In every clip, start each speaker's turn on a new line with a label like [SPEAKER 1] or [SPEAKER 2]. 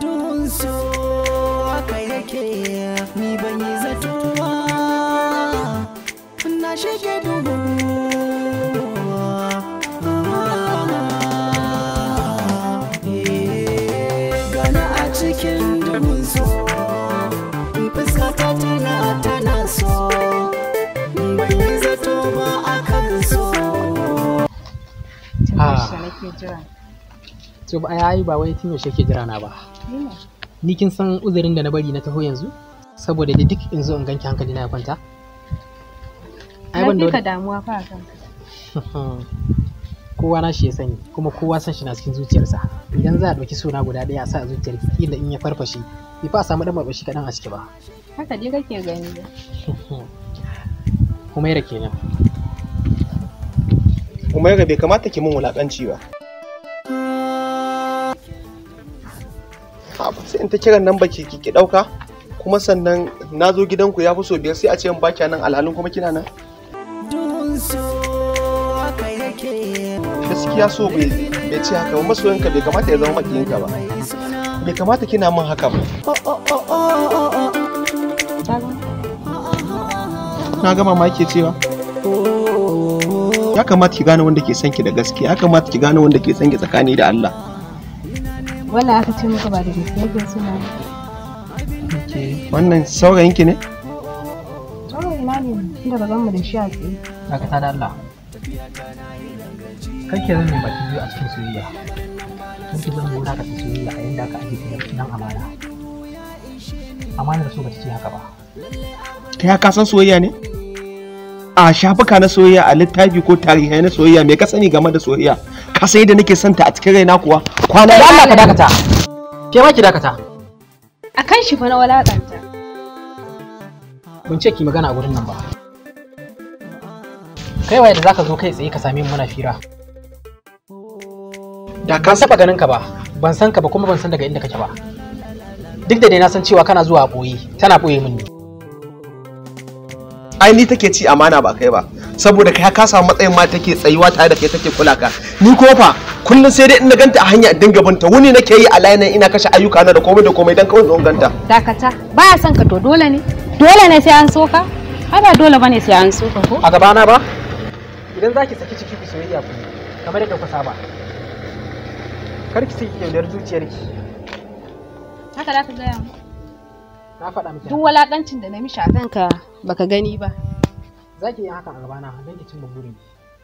[SPEAKER 1] duhun so yake ni ban yi zato
[SPEAKER 2] ba na duhu
[SPEAKER 1] eh, cikin duhun so fuskata tana tana so ban yi zato ba a to ba yayi ba wai tun yaushe ke jira na ba ni kin san uzurin da na bari na taho yanzu saboda da duk in zo in ganki hankali na ya kwanta
[SPEAKER 2] ai ban da damuwa
[SPEAKER 1] fa kowa na shi ya sani kuma kowa san shi na cikin zuciyarsa idan za a ɗauki suna guda ɗaya a sa a zuciyar kila in ya farfashe bai fa samu ɗan marbashi kaɗan a ciki ba haka dai kake gani
[SPEAKER 2] kuma yara kenan kuma yara bai kamata ki mun wulaƙanci ba sai in ta kiran nan baki ki dauka kuma sannan na zo gidanku ya fi so biyar sai a ce in baki nan alhalin kuma kina nan gaskiya so bai ce haka ba masoyinka bai kamata ya zama makiyinka ba bai kamata kina min haka ba oh, oh, oh, na gama ma ke cewa ya kamata ki gane wanda ke son ki da gaskiya ya kamata ki gane wanda ke son ki tsakani da Allah
[SPEAKER 1] wannan aka ce maka ba da gaske yake suna
[SPEAKER 2] wannan saurayin ki ne
[SPEAKER 1] na ne inda ba zan mu da shi a tsaye daga ta da Allah kake zan mai baki biyu a cikin soyayya kun ki zan mura ka soyayya a inda ka ajiye ki nan amana amana da so ba ce haka ba
[SPEAKER 2] kai ka san soyayya ne a shafuka na soyayya a littafi ko tarihi na soyayya me ka sani game da soyayya ka san yadda nake son ta a cikin raina kuwa kwana da Allah ka dakata ke ma ki dakata
[SPEAKER 1] akan shi fa na walakanta ban ce ki magana a gurin nan ba kai waye da zaka zo kai tsaye ka same mu muna fira da ka saba ganin ka ba ban san ka ba kuma ban san daga inda kake ba duk da dai na san cewa kana zuwa a boye tana
[SPEAKER 2] boye mun ne ai ni take ci amana ba kai ba saboda kai ka samu matsayin ma take tsayuwa tare da kai take kula ka ni ko fa kullum sai dai ina ganta a hanya in gaban ta wuni nake yi a layinan ina kashe ayyuka na da komai da komai dan kawai in ganta
[SPEAKER 1] dakata baya son ka to dole ne dole ne sai an soka? ka ba dole bane sai an soka ko a gabana ba idan zaki saki ciki ku soyayya ku kamar yadda ku saba kar ki saki yaudar zuciyarki haka da ka gaya mu na faɗa miki duk walakancin da na mishi a kanka baka gani ba
[SPEAKER 2] za ki yi hakan a gabana don ki cimma burin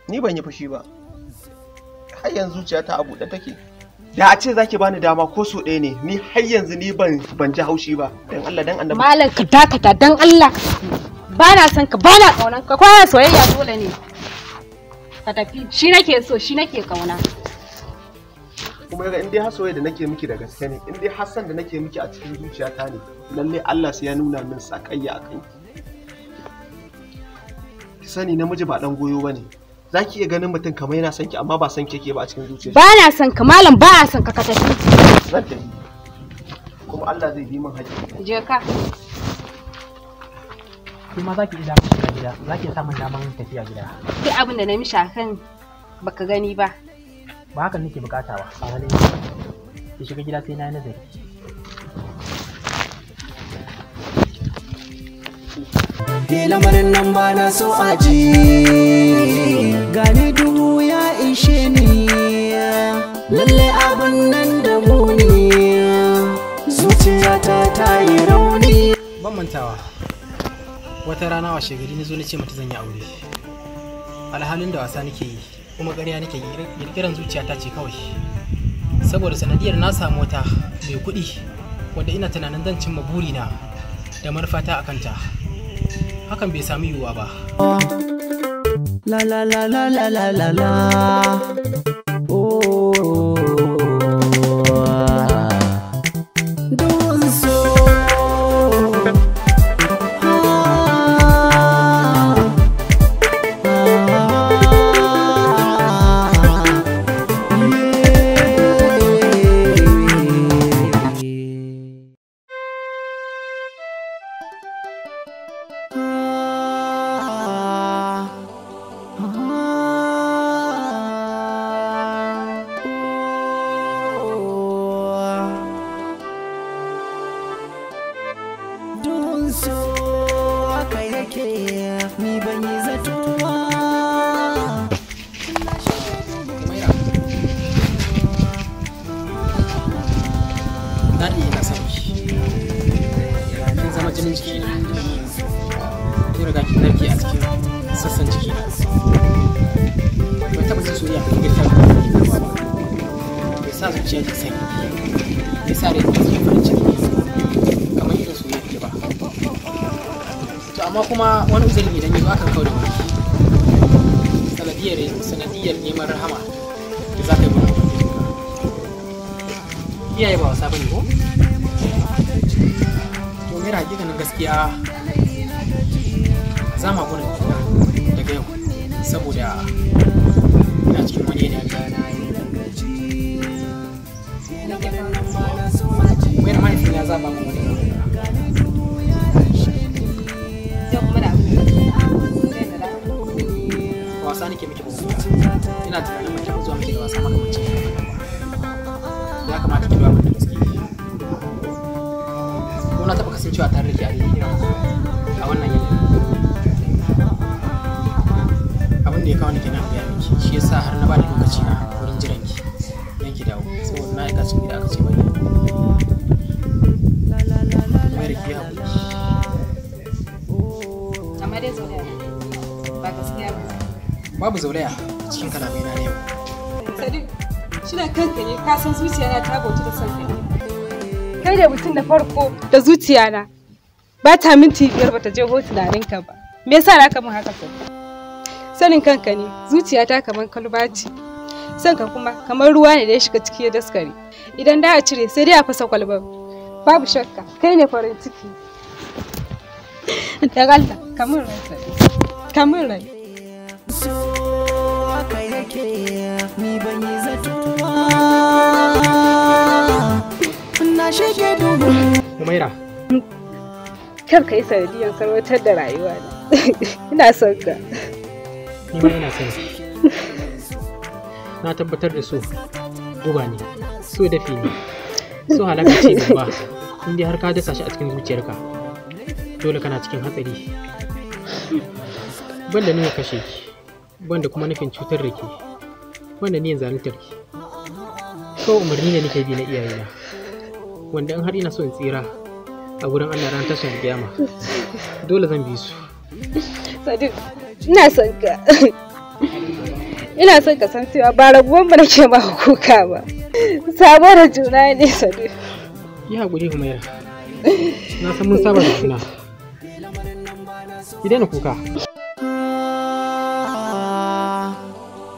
[SPEAKER 2] ni ban yi fushi ba har yanzu zuciya ta abu da take da a ce za ki bani dama ko so ɗaya ne ni har yanzu ni ban ban ji haushi ba dan Allah dan annabi malam ka dakata dan Allah ba na son ka ba na kaunan ka kwana soyayya dole ne
[SPEAKER 1] ka tafi shi nake so shi nake kauna
[SPEAKER 2] kuma ga indai hasoye da nake miki da gaske ne indai hasan da nake miki a cikin zuciyata ne lalle Allah sai ya nuna min sakayya a kanki ki sani namiji ba dan goyo bane za ki iya ganin mutum kamar yana son ki amma ba son ki yake ba a cikin zuciya ba
[SPEAKER 1] na son ka malam ba a son ka kata shi
[SPEAKER 2] kuma Allah zai bi min haƙƙi je ka
[SPEAKER 1] kuma za ki ji damar shiga gida za ki samun damar tafiya gida duk abin da na mishi akan baka gani ba ba hakan nake bukata ba ba halin ki shiga gida sai na nazari Ke lamarin nan ba na so a ji Gani duhu ya ishe ni Lalle abin nan da muni Zuciyata ta yi rauni Ban mantawa Wata rana wa shegari na zo na ce mata zan yi aure Alhalin da wasa nake yi kuma ƙarya nake yi ƙirƙiran zuciyata ce kawai saboda sanadiyar na samu wata mai kuɗi wadda ina tunanin zan cimma burina da marufata a kanta hakan bai sami yiwuwa ba. La la la la la la la la. a cikin sassan ba ba to amma kuma wani uzuri idan ba zo akan kawo da wani sanadiyar sanadiyar neman rahama da za ka yi wani iyaye ba wasa bane ko to mera hakikanin gaskiya za mu haƙura juna daga yau saboda ina cikin wani yanayi da na yi wayar mahaifina za ba mu wani wasa nake miki bauta ina tunanin mace zuwa miki da wasa maka makamancin ya kamata ki ba mu da gaske ko na taɓa kasancewa tare da ki a abin da ya kawo ni na biya miki shi yasa har na ba da lokaci na wurin jiran ki don ki dawo saboda na aika su gida aka ce bane mai da ki ya haƙuri amma dai zaulaya ba gaskiya ba babu zaulaya cikin kalamai na yau sadiq shi da kanka ne ka san zuciyana ta gauta da son kai kai da mutum da farko da zuciyana ba ta minti biyar ba ta je hotunaninka ba me yasa na kamun haka sai sanin kanka ne zuciyata kamar kalba ce ka kuma kamar ruwa ne da ya shiga ciki ya daskare idan da a cire sai dai a fasa kwalbar babu shakka kai ne farin ciki da Allah kamar rai kamar rai so aka yake ni ban yi zato na shige dubu Umaira kar ka yi sanadiyan sarwatar da rayuwa ina son ka ni ma yana son na tabbatar da su duba ne so dafi ne su halaka ce babba in dai har ka dasa shi a cikin zuciyarka dole kana cikin hatsari banda ne ya kashe ki banda kuma nufin cutar da ke banda ne zaluntar ki kawai umarni ne nake bi na iyayena wanda in har ina so in tsira a gurin Allah ran tashin kiyama dole zan bi su ina son ka ina son ka san cewa ba raguwan ba nake ma kuka ba sabo da juna ne sadu yi hakuri humaira na san mun saba da juna ki daina kuka